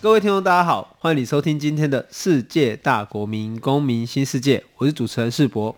各位聽眾，大家好，歡迎你收聽今天的世界大國民公民新世界，我是主持人世博。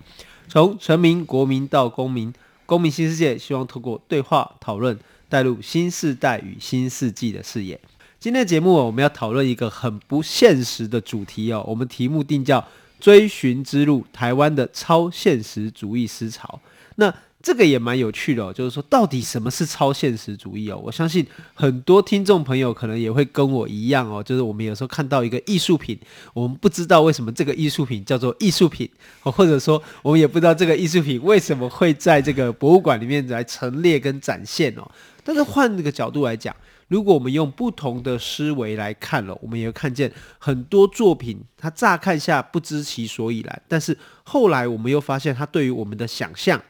從臣民、國民到公民，公民新世界希望透過對話討論，帶入新世代與新世紀的視野。今天的節目我們要討論一個很不現實的主題哦，我們題目定叫《追尋之路：台灣的超現實主義思潮》。那這個也蠻有趣的哦，就是說，到底什麼是超現實主義哦？我相信很多聽眾朋友可能也會跟我一樣哦，就是我們有時候看到一個藝術品，我們不知道為什麼這個藝術品叫做藝術品，或者說我們也不知道這個藝術品為什麼會在這個博物館裡面來陳列跟展現哦。但是換一個角度來講，如果我們用不同的思維來看了，我們也會看見很多作品，它乍看下不知其所以然，但是後來我們又發現它對於我們的想象。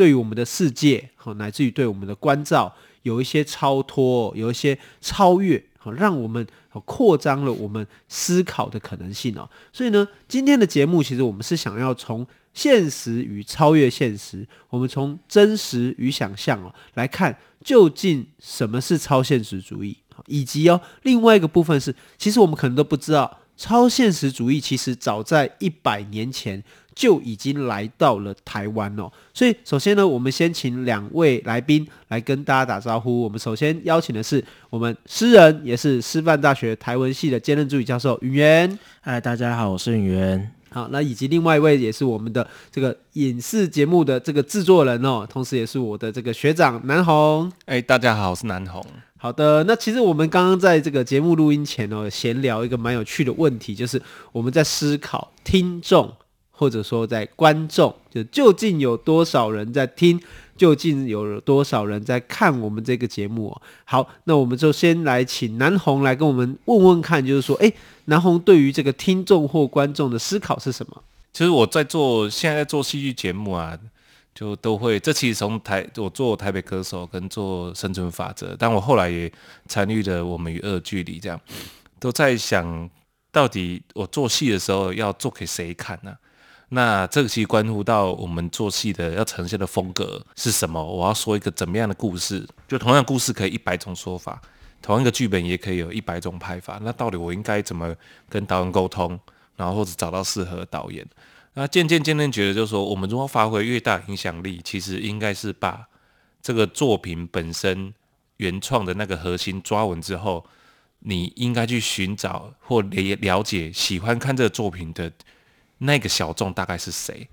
對於我們的世界哈，乃至於對我們的關照，有一些超脫，有一些超越好，讓我們擴張了我們思考的可能性哦。所以呢，今天的節目其實我們是想要從現實與超越現實，我們從真實與想象哦來看，究竟什麼是超現實主義，以及哦另外一個部分是，其實我們可能都不知道，超現實主義其實早在一百年前。就已經來到了台灣哦，所以首先呢，我們先請兩位來賓來跟大家打招呼。我們首先邀請的是我們詩人，也是師範大學台文系的兼任助理教授允元。嗨，大家好，我是允元。好，那以及另外一位也是我們的這個影視節目的這個製作人哦，同時也是我的這個學長南宏。哎，大家好，我是南宏。好的，那其實我們剛剛在這個節目錄音前哦，閒聊一個蠻有趣的問題，就是我們在思考聽眾。或者說，在觀眾就究竟有多少人在聽？究竟有多少人在看我們這個節目哦？好，那我們就先來請南紅來跟我們問問看，就是說，誒，南紅對於這個聽眾或觀眾的思考是什麼？其實我在做，現在，在做戲劇節目啊，就都會這其實從台我做台北歌手跟做生存法則，但我後來也參與了我們與惡的距離這樣，都在想到底我做戲的時候要做給誰看呢，啊？那這個其實關乎到我們做戲的要呈現的風格是什麼？我要說一個怎麼樣的故事？就同樣的故事可以一百種說法，同一個劇本也可以有一百種拍法。那到底我應該怎麼跟導演溝通？然後或者找到適合的導演？那漸漸漸漸覺得，就是說，我們如何發揮越大影響力？其實應該是把這個作品本身原創的那個核心抓穩之後，你應該去尋找或了解喜歡看這個作品的。那個小眾大概是誰？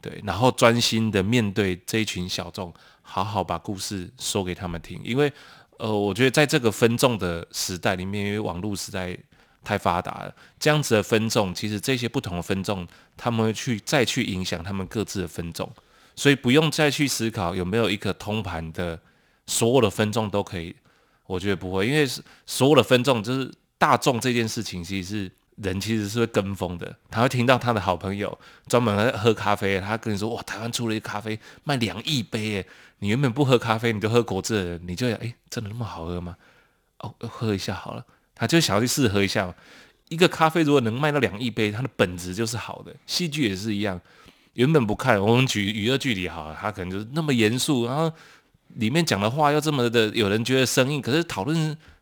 對，然後專心的面對這一群小眾，好好把故事說給他們聽。因為，呃，我覺得在這個分眾的時代裡面，因為網絡實在太發達了，這樣子的分眾，其實這些不同的分眾，他們會去再去影響他們各自的分眾，所以不用再去思考有沒有一個通盤的所有的分眾都可以。我覺得不會，因為所有的分眾就是大眾這件事情，其實是。人其實是會跟風的，他會聽到他的好朋友專門喝咖啡，他跟你說：“哇，台灣出了一個咖啡賣兩億杯耶！”你原本不喝咖啡，你就喝果汁，你就想：“哎、欸，真的那麼好喝嗎？”哦，喝一下好了，他就想要去試喝一下嘛。一個咖啡如果能賣到兩億杯，它的本質就是好的。戲劇也是一樣，原本不看，我們舉娛樂劇裡好了，他可能就是那麼嚴肅，然後裡面講的話又這麼的，有人覺得生硬。可是討論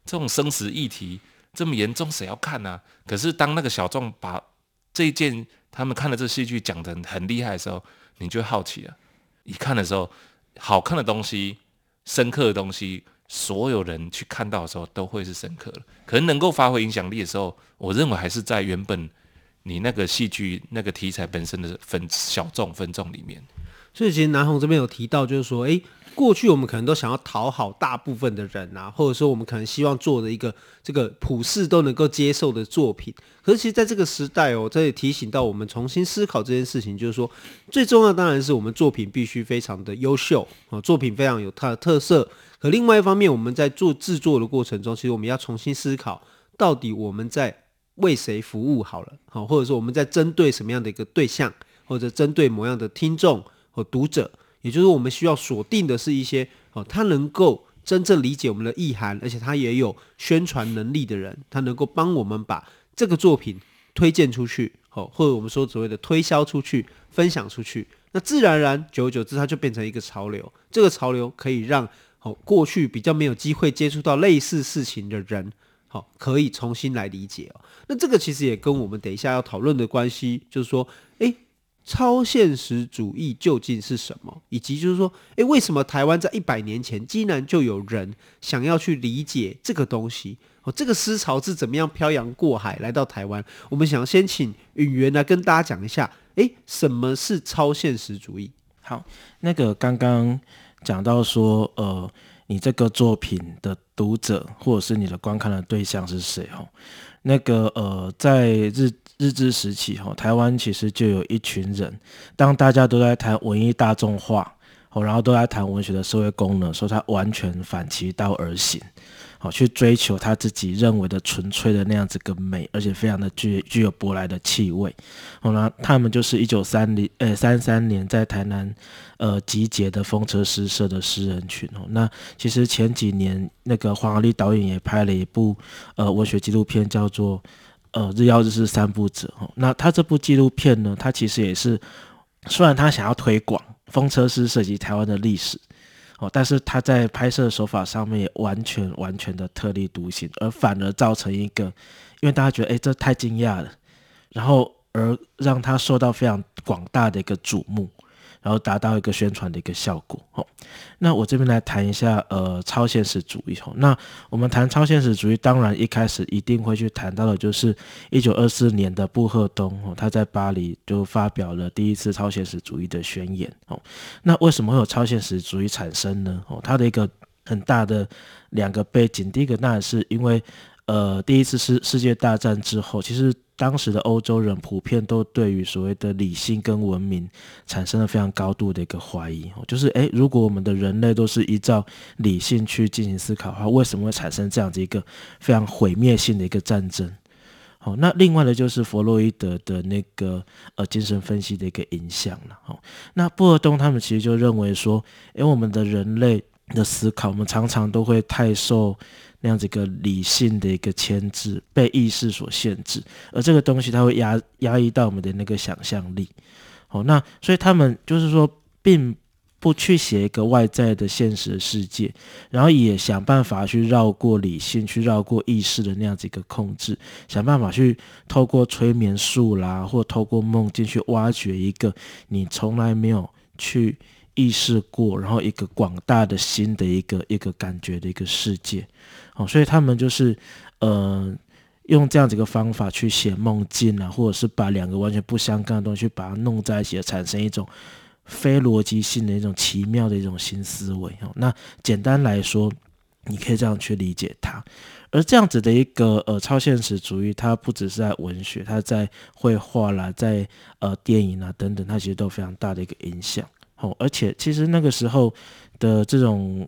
這種生死議題。這麼嚴重，誰要看呢、啊？可是當那個小眾把這一件他們看的這戲劇講得很厲害的時候，你就會好奇了。一看的時候，好看的東西、深刻的東西，所有人去看到的時候都會是深刻。可能能夠發揮影響力的時候，我認為還是在原本你那個戲劇那個題材本身的分小眾分眾裡面。所以，其實南宏這邊有提到，就是說，誒。過去我們可能都想要討好大部分的人啊，或者說我們可能希望做的一個這個普世都能夠接受的作品。可是其實在這個時代哦，這也提醒到我們重新思考這件事情，就是說最重要當然是我們作品必須非常的優秀啊、哦，作品非常有它的特色。可另外一方面，我們在做製作的過程中，其實我們要重新思考，到底我們在為誰服務好了，好、哦，或者說我們在針對什麼樣的一個對象，或者針對某樣的聽眾和讀者。也就是我們需要鎖定的是一些哦，他能夠真正理解我們的意涵，而且他也有宣傳能力的人，他能夠幫我們把這個作品推薦出去，哦，或者我們說所謂的推銷出去、分享出去。那自然而然，久而久之，它就變成一個潮流。這個潮流可以讓哦過去比較沒有機會接觸到類似事情的人，好、哦，可以重新來理解哦。那這個其實也跟我們等一下要討論的關係，就是說，誒。超現實主義究竟是什麼？以及就是說，誒，為什麼台灣在一百年前竟然就有人想要去理解這個東西？哦，這個思潮是怎麼樣漂洋過海來到台灣？我們想先請允元來跟大家講一下，誒，什麼是超現實主義？好，那個剛剛講到說，呃，你這個作品的讀者或者是你的觀看的對象是誰？哦，那個，呃，在日。日治時期，台灣其實就有一群人，當大家都在談文藝大眾化，然後都在談文學的社會功能，說他完全反其道而行，去追求他自己認為的純粹的那樣子個美，而且非常的具具有舶來的氣味，然後他們就是一九三零，呃，三三年在台南，呃，集結的風車詩社的詩人群，哦，那其實前幾年那個黃亞歷導演也拍了一部，呃，文學紀錄片叫做。呃，日曜日式散步者哦，那他這部紀錄片呢，他其實也是，雖然他想要推廣風車詩社及台灣的歷史哦，但是他在拍攝手法上面也完全完全的特立獨行，而反而造成一個，因為大家覺得哎、欸，這太驚訝了，然後而讓他受到非常廣大的一個矚目。然後達到一個宣傳的一個效果。哦。那我這邊來談一下，呃，超現實主義。好，那我們談超現實主義，當然一開始一定會去談到的，就是一九二四年的布赫東，他在巴黎就發表了第一次超現實主義的宣言。那為什麼會有超現實主義產生呢？哦，它的一個很大的兩個背景，第一個那是因為，呃，第一次世世界大戰之後，其實。當時的歐洲人普遍都對於所謂的理性跟文明產生了非常高度的一個懷疑。就是誒，如果我們的人類都是依照理性去進行思考的話，為什麼會產生這樣的一個非常毀滅性的一個戰爭？好、哦，那另外的就是弗洛伊德的那個呃精神分析的一個影響了、哦。那波爾東他們其實就認為說，誒，我們的人類的思考，我們常常都會太受。那樣子一個理性的一個牽制，被意識所限制，而這個東西它會壓壓抑到我們的那個想象力。好，那所以他們就是說，並不去寫一個外在的現實的世界，然後也想辦法去繞過理性，去繞過意識的那樣子一個控制，想辦法去透過催眠術啦，或透過夢境去挖掘一個你從來沒有去意識過，然後一個廣大的新的一個一個感覺的一個世界。哦，所以他們就是，呃，用這樣子一個方法去寫夢境啊，或者是把兩個完全不相干的東西把它弄在一起，產生一種非邏輯性的一種奇妙的一種新思維。哦，那簡單來說，你可以這樣去理解它。而這樣子的一個呃超現實主義，它不只是在文學，它在繪畫啦，在呃電影啊等等，它其實都非常大的一個影響。哦，而且其實那個時候的這種。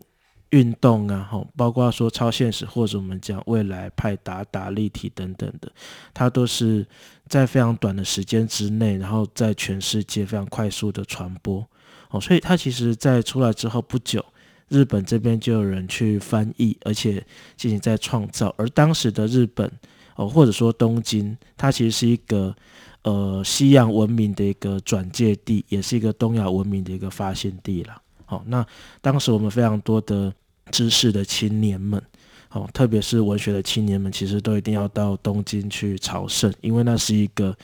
運動啊，吼，包括說超現實，或者我們講未來派、達達、立體等等的，它都是在非常短的時間之內，然後在全世界非常快速的傳播哦，所以它其實在出來之後不久，日本這邊就有人去翻譯，而且進行在創造。而當時的日本哦，或者說東京，它其實是一個呃西洋文明的一個轉介地，也是一個東亞文明的一個發現地了。好、哦，那當時我們非常多的。知識的青年們，哦，特別是文學的青年們，其實都一定要到東京去朝聖，因為那是一個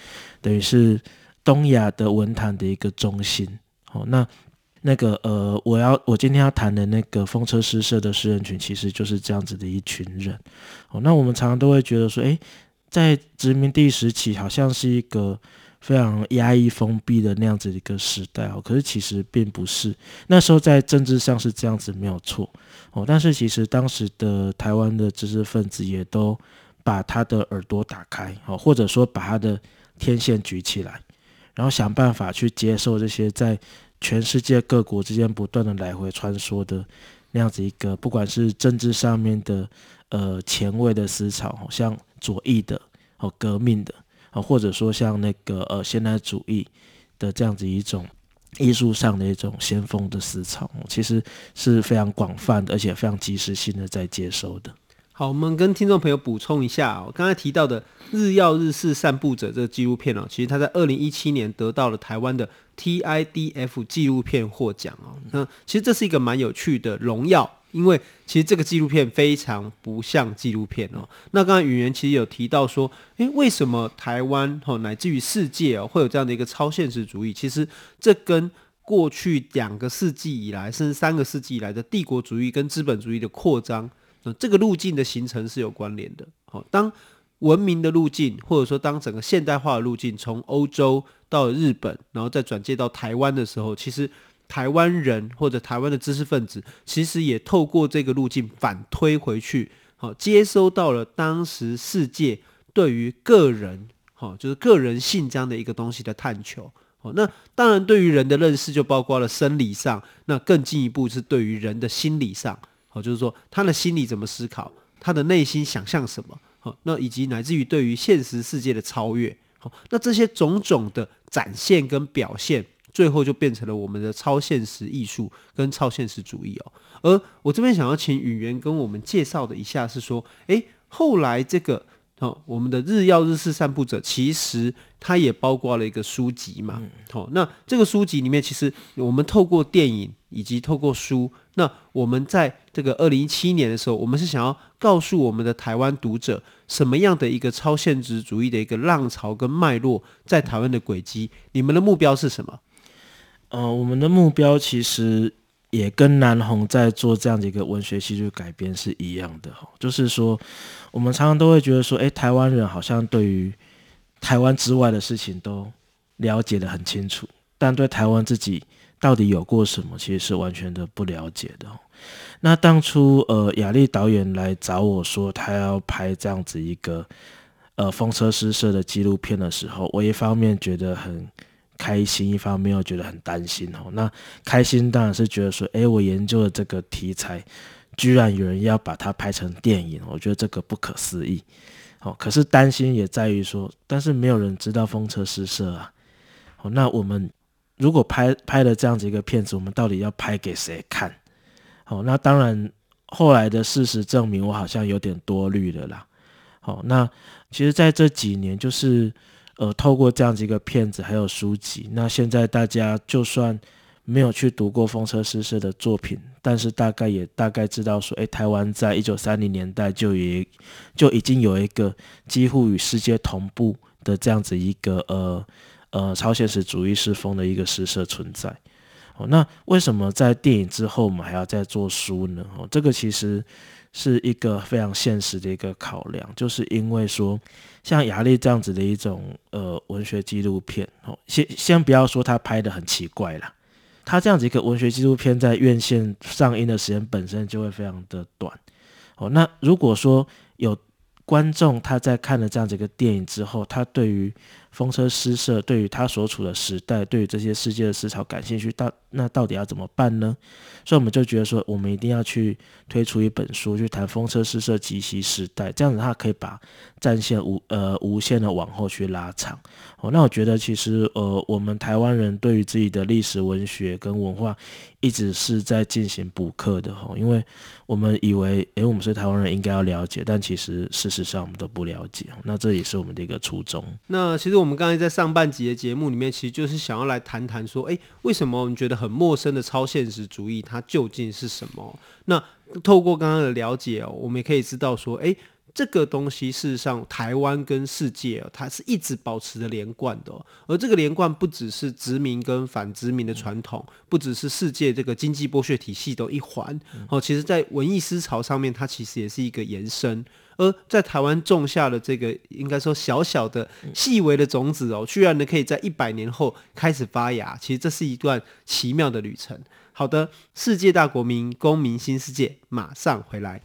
等於是東亞的文壇的一個中心。哦，那那個呃，我要我今天要談的那個風車詩社的詩人群，其實就是這樣子的一群人。哦，那我們常常都會覺得說，誒、欸，在殖民地時期，好像是一個。非常壓抑、封閉的那樣子一個時代哦，可是其實並不是。那時候在政治上是這樣子，沒有錯哦。但是其實當時的台灣的知識分子也都把他的耳朵打開哦，或者說把他的天線舉起來，然後想辦法去接受這些在全世界各國之間不斷的來回穿梭的那樣子一個，不管是政治上面的，呃，前衛的思潮，像左翼的哦、革命的。啊，或者說像那個呃現代主義的這樣子一種藝術上的一種先鋒的思潮，其實是非常廣泛的，而且非常及時性的在接收的。好，我們跟聽眾朋友補充一下，我剛才提到的日曜日式散步者這個紀錄片哦，其實它在二零一七年得到了台灣的 TIDF 紀錄片獲獎哦，那其實這是一個蠻有趣的榮耀。因為其實這個紀錄片非常不像紀錄片哦。那剛才允元其實有提到說，誒，為什麼台灣哦，乃至於世界哦，會有這樣的一個超現實主義？其實這跟過去兩個世紀以來，甚至三個世紀以來的帝國主義跟資本主義的擴張，那、呃、這個路徑的形成是有關聯的。好、哦，當文明的路徑，或者說當整個現代化的路徑從歐洲到日本，然後再轉接到台灣的時候，其實。台灣人或者台灣的知識分子，其實也透過這個路徑反推回去，好接收到了當時世界對於個人，好就是個人性這樣的一個東西的探求。好，那當然對於人的認識，就包括了生理上，那更進一步是對於人的心理上，好就是說他的心理怎麼思考，他的內心想象什麼，好那以及乃至於對於現實世界的超越，好那這些種種的展現跟表現。最後就變成了我們的超現實藝術跟超現實主義哦，而我這邊想要請允元跟我們介紹的一下是說，哎，後來這個哦，我們的日曜日式散步者其實它也包括了一個書籍嘛，好、哦，那這個書籍裡面其實我們透過電影以及透過書，那我們在這個二零一七年的時候，我們是想要告訴我們的台灣讀者什麼樣的一個超現實主義的一個浪潮跟脈絡在台灣的軌跡，你們的目標是什麼？呃，我們的目標其實也跟南宏在做這樣的一個文學戲劇改編是一樣的，哦、就是說我們常常都會覺得說，哎，台灣人好像對於台灣之外的事情都了解得很清楚，但對台灣自己到底有過什麼，其實是完全的不了解的，哦。那當初呃雅莉導演來找我說他要拍這樣子一個呃風車詩社的紀錄片的時候，我一方面覺得很。開心，一方面又覺得很擔心哦。那開心當然是覺得說，誒，我研究的這個題材，居然有人要把它拍成電影，我覺得這個不可思議。哦，可是擔心也在於說，但是沒有人知道風車詩社啊。哦，那我們如果拍拍了這樣子一個片子，我們到底要拍給誰看？哦，那當然後來的事實證明，我好像有點多慮了啦。好，那其實在這幾年就是。呃，透過這樣子一個片子還有書籍，那現在大家就算沒有去讀過風車詩社的作品，但是大概也大概知道說，誒、欸，台灣在一九三零年代就已就已經有一個幾乎與世界同步的這樣子一個呃呃超現實主義詩風的一個詩社存在。那為什麼在電影之後我們還要再做書呢？哦，這個其實是一個非常現實的一個考量，就是因為說，像亞歷這樣子的一種呃文學紀錄片，先先不要說他拍得很奇怪了，他這樣子一個文學紀錄片在院線上映的時間本身就會非常的短。哦，那如果說有觀眾他在看了這樣子一個電影之後，他對於風車詩社對於他所處的時代，對於這些世界的思潮感興趣，到那，那到底要怎麼辦呢？所以我們就覺得說，我們一定要去推出一本書，去談風車詩社及其時代，這樣子他可以把戰線無呃無限的往後去拉長。哦，那我覺得其實呃，我們台灣人對於自己的歷史、文學跟文化，一直是在進行補課的哈、哦，因為我們以為，誒，我們是台灣人應該要了解，但其實事實上我們都不了解。那這也是我們的一個初衷。那其實。我們剛才在上半集的節目裡面，其實就是想要來談談說，誒，為什麼我們覺得很陌生的超現實主義，它究竟是什麼？那透過剛剛的了解哦，我們也可以知道說，誒，這個東西事實上，台灣跟世界哦，它是一直保持着連貫的哦。而這個連貫不只是殖民跟反殖民的傳統，不只是世界這個經濟剝削體系的一環，哦，其實在文藝思潮上面，它其實也是一個延伸。而在台灣種下了這個，應該說小小的、細微的種子哦，居然呢可以在一百年後開始發芽。其實這是一段奇妙的旅程。好的，世界大國民公民新世界，馬上回來。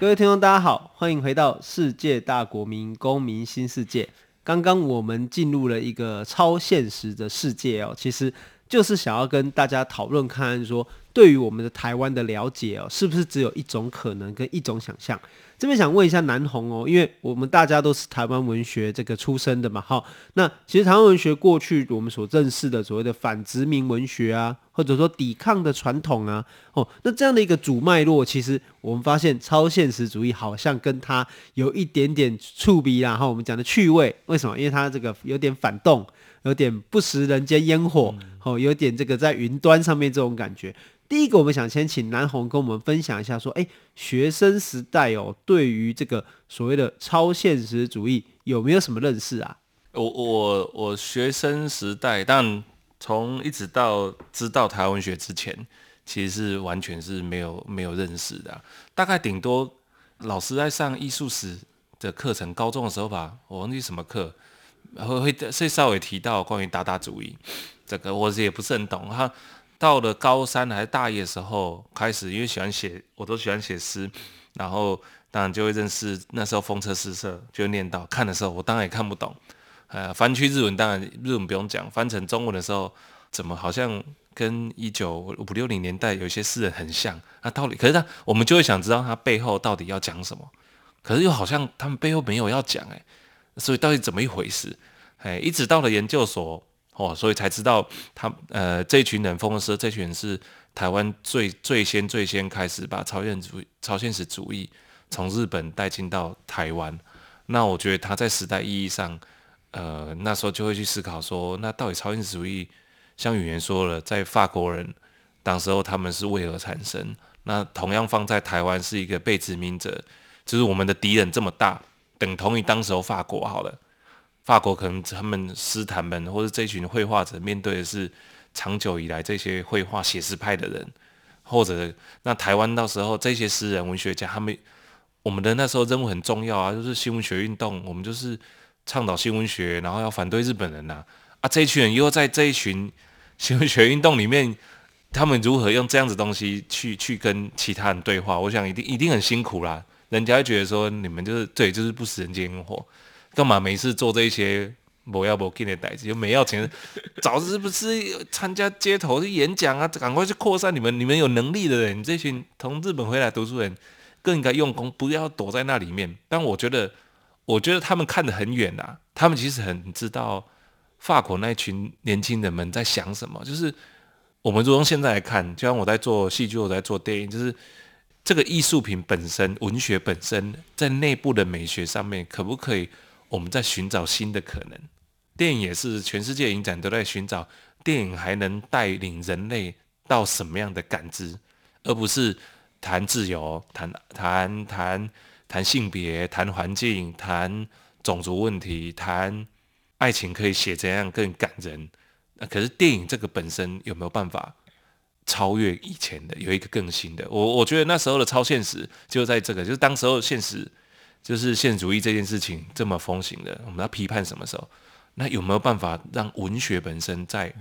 各位聽眾，大家好，歡迎回到《世界大國民公民新世界》。剛剛我們進入了一個超現實的世界哦，其實就是想要跟大家討論看看說，說對於我們的台灣的了解哦，是不是只有一種可能跟一種想象這邊想問一下南宏哦，因為我們大家都是台灣文學這個出身的嘛，哈，那其實台灣文學過去我們所認識的所謂的反殖民文學啊，或者說抵抗的傳統啊，哦，那這樣的一個主脈絡，其實我們發現超現實主義好像跟它有一點點觸鼻，然後我們講的趣味，為什麼？因為它這個有點反動，有點不食人間煙火，哦，有點這個在雲端上面這種感覺。第一個，我們想先請南宏跟我們分享一下，說，誒、欸，學生時代哦、喔，對於這個所謂的超現實主義有沒有什麼認識啊？我我我學生時代，但從一直到知道台灣文學之前，其實是完全是沒有沒有認識的、啊。大概頂多老師在上藝術史的課程，高中的時候吧，我忘記什麼課，會會所以稍微提到關於達達主義這個，我也不是很懂哈。到了高三還是大一的時候，開始因為喜歡寫，我都喜歡寫詩，然後當然就會認識那時候風車詩社，就會念到看的時候，我當然也看不懂，呃，翻去日文，當然日文不用講，翻成中文的時候，怎麼好像跟一九五六零年代有些詩人很像，那、啊、到底可是他，我們就會想知道他背後到底要講什麼，可是又好像他們背後沒有要講哎，所以到底怎麼一回事？哎，一直到了研究所。哦，所以才知道他呃這群人風車詩社，這群人是台灣最最先最先開始把超現實超現實主義從日本帶進到台灣。那我覺得他在時代意義上，呃那時候就會去思考說，那到底超現實主義像語言說了，在法國人當時候他們是為何產生？那同樣放在台灣是一個被殖民者，就是我們的敵人這麼大，等同於當時候法國好了。法國可能他們詩壇們，或者這群繪畫者面對的是長久以來這些繪畫寫實派的人，或者那台灣到時候這些詩人文學家他們，我們的那時候任務很重要啊，就是新文學運動，我們就是倡導新文學，然後要反對日本人吶啊，啊這一群人又在這一群新文學運動裡面，他們如何用這樣子東西去去跟其他人對話，我想一定一定很辛苦啦，人家會覺得說你們就是對就是不食人間煙火。幹嘛沒事做這一些沒要不要緊的代志又沒要錢？早知不是參加街頭的演講啊？趕快去擴散！你們你們有能力的人，這群從日本回來讀書人更應該用功，不要躲在那裡面。但我覺得，我覺得他們看得很遠啊。他們其實很知道法國那群年輕人們在想什麼。就是我們若用現在來看，就像我在做戲劇，我在做電影，就是這個藝術品本身、文學本身在內部的美學上面，可不可以？我們在尋找新的可能，電影也是全世界影展都在尋找電影還能帶領人類到什麼樣的感知，而不是談自由、談談談談性別、談環境、談種族問題、談愛情可以寫怎樣更感人。那可是電影這個本身有沒有辦法超越以前的，有一個更新的？我我覺得那時候的超現實就在這個，就是當時候現實。就是現實主義這件事情這麼風行的，我們要批判什麼時候？那有沒有辦法讓文學本身在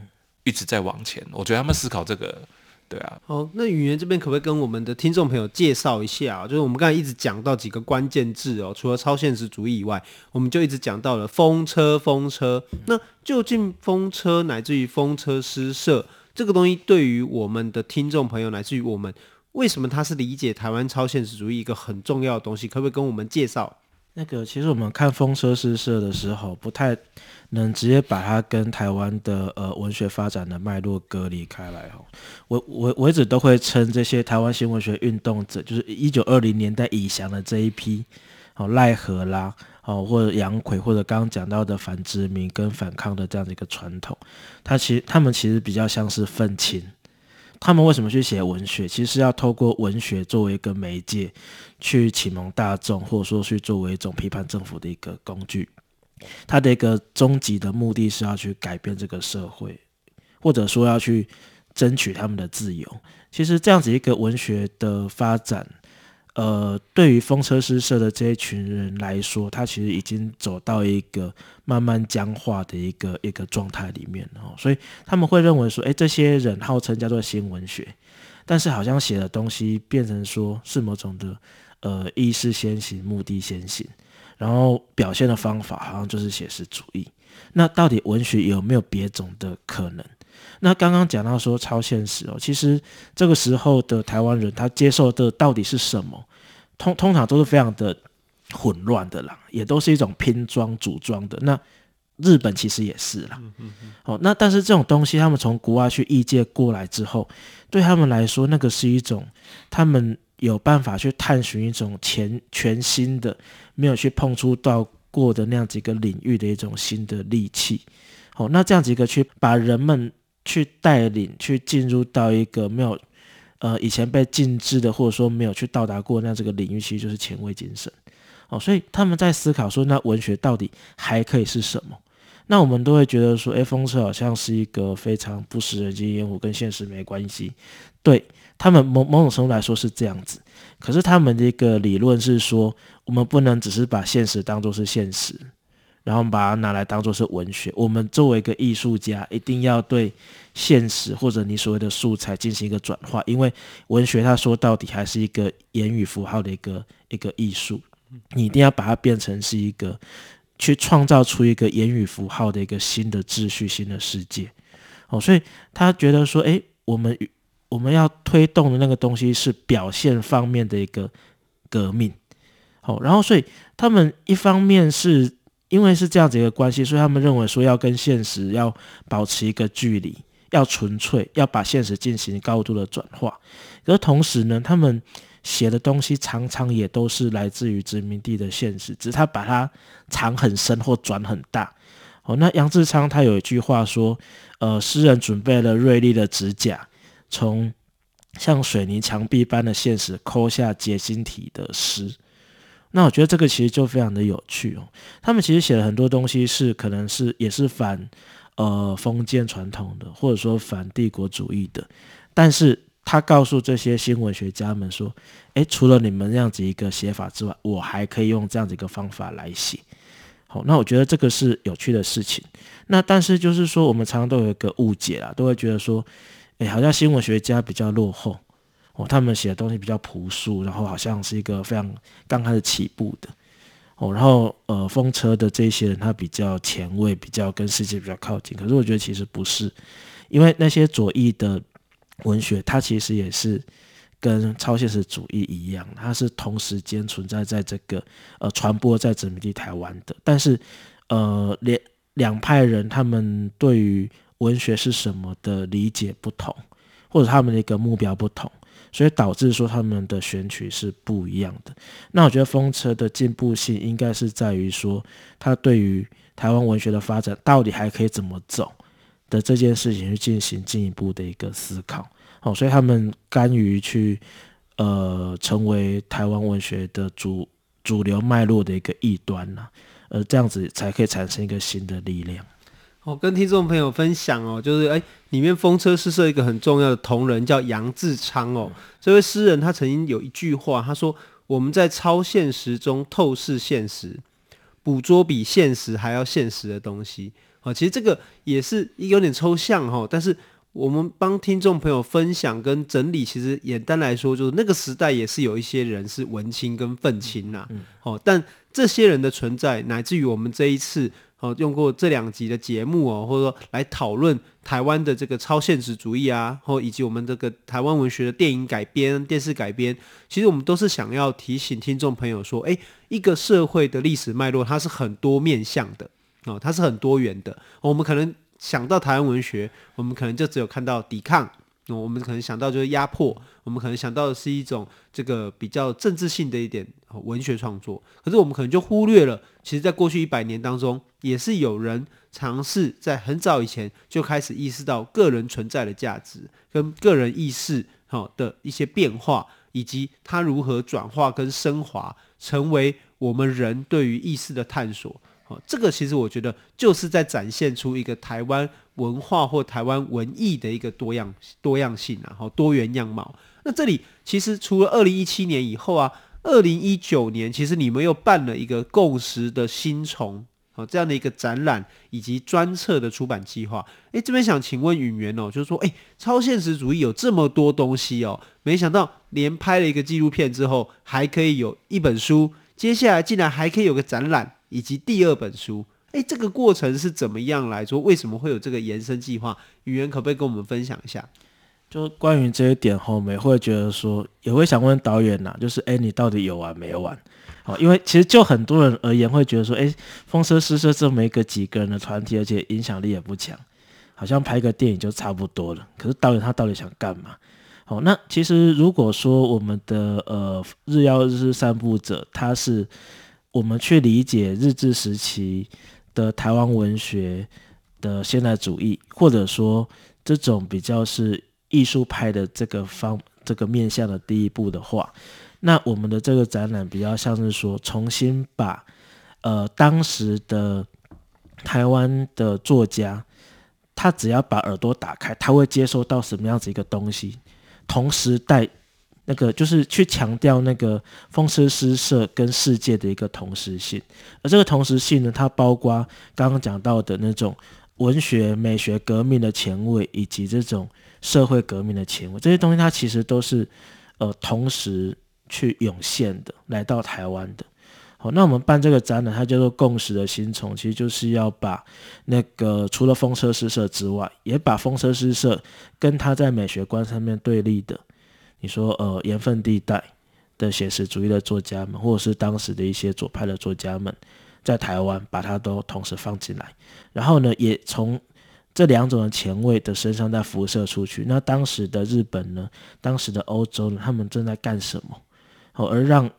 一直在往前？我覺得他們思考這個，對啊。好，那允元這邊可不可以跟我們的聽眾朋友介紹一下？就是我們剛才一直講到幾個關鍵字哦，除了超現實主義以外，我們就一直講到了風車，風車。那究竟風車乃至於風車詩社這個東西，對於我們的聽眾朋友，乃至於我們。為什麼他是理解台灣超現實主義一個很重要的東西？可不可以跟我們介紹？那個其實我們看《風車詩社》的時候，不太能直接把它跟台灣的呃文學發展的脈絡隔離開來。我我我一直都會稱這些台灣新文學運動者，就是一九二零年代以降的這一批，哦，賴和啦，哦，或者楊逵，或者剛剛講到的反殖民跟反抗的這樣的一個傳統，他其實他們其實比較像是憤青。他們為什麼去寫文學？其實是要透過文學作為一個媒介，去啟蒙大眾，或者說去作為一種批判政府的一個工具。他的一個終極的目的是要去改變這個社會，或者說要去爭取他們的自由。其實這樣子一個文學的發展。呃，對於風車詩社的這一群人來說，他其實已經走到一個慢慢僵化的一個一個狀態裡面了哦，所以他們會認為說，哎，這些人號稱叫做新文學，但是好像寫的東西變成說是某種的，呃，意識先行，目的先行，然後表現的方法好像就是寫實主義。那到底文學有沒有別種的可能？那剛剛講到說超現實哦，其實這個時候的台灣人他接受的到底是什麼？通通常都是非常的混亂的啦，也都是一種拼裝組裝的。那日本其實也是啦，嗯、哼哦，那但是這種東西他們從國外去譯介過來之後，對他們來說那個是一種他們有辦法去探尋一種全全新的、沒有去碰觸到過的那樣幾個領域的一種新的利器。好、哦，那這樣幾個去把人們。去帶領去進入到一個沒有，呃，以前被禁止的，或者說沒有去到達過那這個領域，其實就是前衛精神。哦，所以他們在思考說，那文學到底還可以是什麼？那我們都會覺得說，誒、欸，風車好像是一個非常不食人間煙火，跟現實沒關係。對他們某某種程度來說是這樣子，可是他們的一個理論是說，我們不能只是把現實當作是現實，然後把它拿來當作是文學。我們作為一個藝術家，一定要對現實或者你所謂的素材進行一個轉化，因為文學它說到底還是一個言語符號的一個一個藝術。你一定要把它變成是一個去創造出一個言語符號的一個新的秩序、新的世界。哦，所以他覺得說，誒，我們我們要推動的那個東西是表現方面的一個革命。好，哦，然後所以他們一方面是。因為是這樣子一個關係，所以他們認為說要跟現實要保持一個距離，要純粹，要把現實進行高度的轉化。而同時呢，他們寫的東西常常也都是來自於殖民地的現實，只是他把它藏很深或轉很大。哦，那楊熾昌他有一句話說，呃，詩人準備了銳利的指甲，從像水泥牆壁般的現實摳下結晶體的詩。那我覺得這個其實就非常的有趣哦，他們其實寫了很多東西是可能是也是反呃封建傳統的，或者說反帝國主義的，但是他告訴這些新文學家們說，誒，除了你們這樣子一個寫法之外，我還可以用這樣子一個方法來寫。好，那我覺得這個是有趣的事情。那但是就是說我們常常都有一個誤解啦，都會覺得說，誒，好像新文學家比較落後。哦，他們寫的東西比較樸素，然後好像是一個非常剛開始起步的哦。然後呃，風車的這些人他比較前衛，比較跟世界比較靠近。可是我覺得其實不是，因為那些左翼的文學，它其實也是跟超現實主義一樣，它是同時間存在在這個呃傳播在殖民地台灣的。但是呃，兩兩派人他們對於文學是什麼的理解不同，或者他們的一個目標不同。所以導致說他們的選取是不一樣的。那我覺得風車的進步性應該是在於說，他對於台灣文學的發展到底還可以怎麼走的這件事情去進行進一步的一個思考。哦，所以他們甘於去呃成為台灣文學的主主流脈絡的一個異端啊。呃這樣子才可以產生一個新的力量。我、哦、跟聽眾朋友分享哦，就是誒，裡面風車詩社一個很重要的同仁叫楊熾昌哦，這位詩人他曾經有一句話，他說：“我們在超現實中透視現實，捕捉比現實還要現實的東西。”哦，其實這個也是一有點抽象哦，但是我們幫聽眾朋友分享跟整理，其實簡單來說，就是那個時代也是有一些人是文青跟憤青吶。嗯嗯、哦，但這些人的存在，乃至於我們這一次。哦，用過這兩集的節目哦，或者說來討論台灣的這個超現實主義啊，或、哦、以及我們這個台灣文學的電影改編、電視改編，其實我們都是想要提醒聽眾朋友說，誒，一個社會的歷史脈絡它是很多面向的哦，它是很多元的、哦。我們可能想到台灣文學，我們可能就只有看到抵抗。我們可能想到就是壓迫，我們可能想到的是一種這個比較政治性的一點文學創作。可是我們可能就忽略了，其實在過去一百年當中，也是有人嘗試在很早以前就開始意識到個人存在的價值跟個人意識哈的一些變化，以及它如何轉化跟升華，成為我們人對於意識的探索。哦，這個其實我覺得就是在展現出一個台灣文化或台灣文藝的一個多樣多樣性啊，後多元樣貌。那這裡其實除了二零一七年以後啊，二零一九年其實你們又辦了一個《共識的新蟲》哦這樣的一個展覽以及專冊的出版計劃。誒這邊想請問允元哦，就是說，誒超現實主義有這麼多東西哦，沒想到連拍了一個紀錄片之後，還可以有一本書，接下來竟然還可以有個展覽。以及第二本書，哎，這個過程是怎麼樣來說？為什麼會有這個延伸計劃？允元可不可以跟我們分享一下？就關於這一點，後面會覺得說，也會想問導演吶、啊，就是哎，你到底有完沒完？哦，因為其實就很多人而言會覺得說，哎，風車詩社這麼一個幾個人的團體，而且影響力也不強，好像拍個電影就差不多了。可是導演他到底想幹嘛？好、哦，那其實如果說我們的呃日曜日式散步者，他是。我們去理解日治時期的台灣文學的現代主義，或者說這種比較是藝術派的這個方、這個面向的第一步的話，那我們的這個展覽比較像是說，重新把呃當時的台灣的作家，他只要把耳朵打開，他會接收到什麼樣子一個東西，同時帶。那個就是去強調那個風車詩社跟世界的一個同時性，而這個同時性呢，它包括剛剛講到的那種文學美學革命的前衛，以及這種社會革命的前衛，這些東西它其實都是呃同時去湧現的，來到台灣的。好，那我們辦這個展覽，它叫做《共時的星叢》，其實就是要把那個除了風車詩社之外，也把風車詩社跟它在美學觀上面對立的。你說，呃，鹽分地帶的寫實主義的作家們，或者是當時的一些左派的作家們，在台灣把它都同時放進來，然後呢，也從這兩種的前衛的身上再輻射出去。那當時的日本呢，當時的歐洲呢，他們正在幹什麼？哦，而讓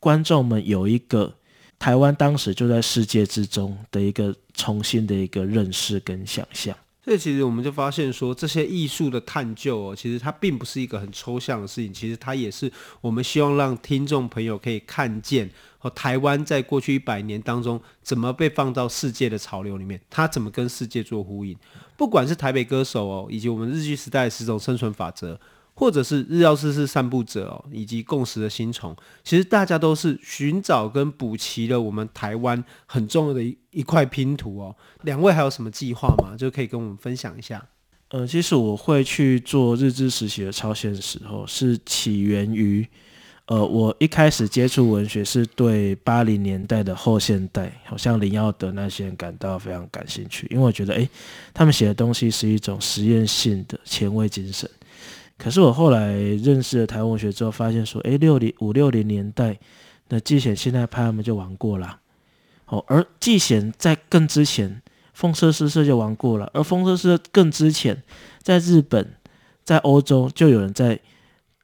觀眾們有一個台灣當時就在世界之中的一個重新的一個認識跟想象。所以其實我們就發現說，這些藝術的探究哦，其實它並不是一個很抽象的事情。其實它也是我們希望讓聽眾朋友可以看見，和、哦、台灣在過去一百年當中怎麼被放到世界的潮流裡面，它怎麼跟世界做呼應。不管是台北歌手哦，以及我們日據時代的十種生存法則。或者是日曜日式散步者哦，以及共時的星叢。其實大家都是尋找跟補齊了我們台灣很重要的一一塊拼圖哦。兩位還有什麼計劃嗎？就可以跟我們分享一下。呃，其實我會去做日治時期的超現實哦，是起源於呃，我一開始接觸文學是對八零年代的後現代，好像林耀德那些人感到非常感興趣，因為我覺得誒、欸，他們寫的東西是一種實驗性的前衛精神。可是我後來認識了台灣文學之後，發現說，哎，六零五六零年代紀弦，那紀弦現代派他們就玩過了，哦，而紀弦在更之前，風車詩社就玩過了，而風車詩社更之前，在日本，在歐洲就有人在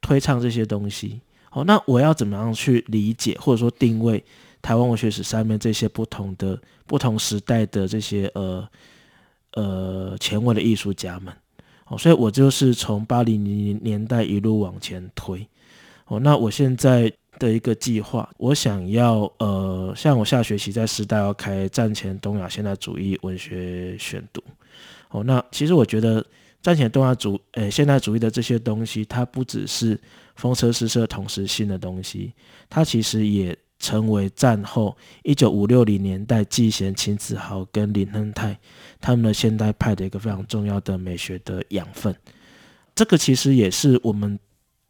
推唱這些東西。哦，那我要怎麼樣去理解或者說定位台灣文學史上面這些不同的不同時代的這些呃呃前衛的藝術家們？哦，所以我就是從八零年代一路往前推，哦，那我現在的一個計劃，我想要呃，像我下學期在師大要開戰前東亞現代主義文學選讀，哦，那其實我覺得戰前東亞主呃、哎、現代主義的這些東西，它不只是風車詩社同時性的東西，它其實也成為戰後一九五六零年代紀弦、覃子豪、跟林亨泰他們的現代派的一個非常重要的美學的養分，這個其實也是我們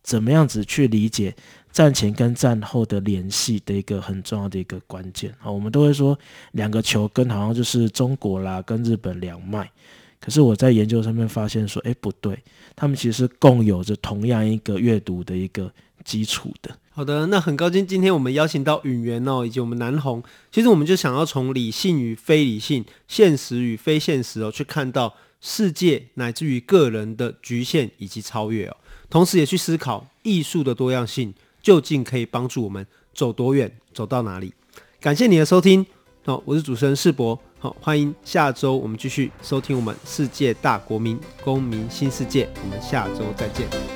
怎麼樣子去理解戰前跟戰後的聯繫的一個很重要的一個關鍵啊。我們都會說兩個球根好像就是中國啦跟日本兩脈。可是我在研究上面發現說，誒不對，他們其實是共有着同樣一個閱讀的一個基礎的。好的，那很高興今天我們邀請到允元哦，以及我們南宏，其實我們就想要從理性與非理性、現實與非現實哦，去看到世界乃至於個人的局限以及超越哦，同時也去思考藝術的多樣性究竟可以幫助我們走多遠，走到哪裡。感謝你的收聽哦，我是主持人世博。歡迎下周我們繼續收聽我們《世界大國民公民新世界》，我們下周再見。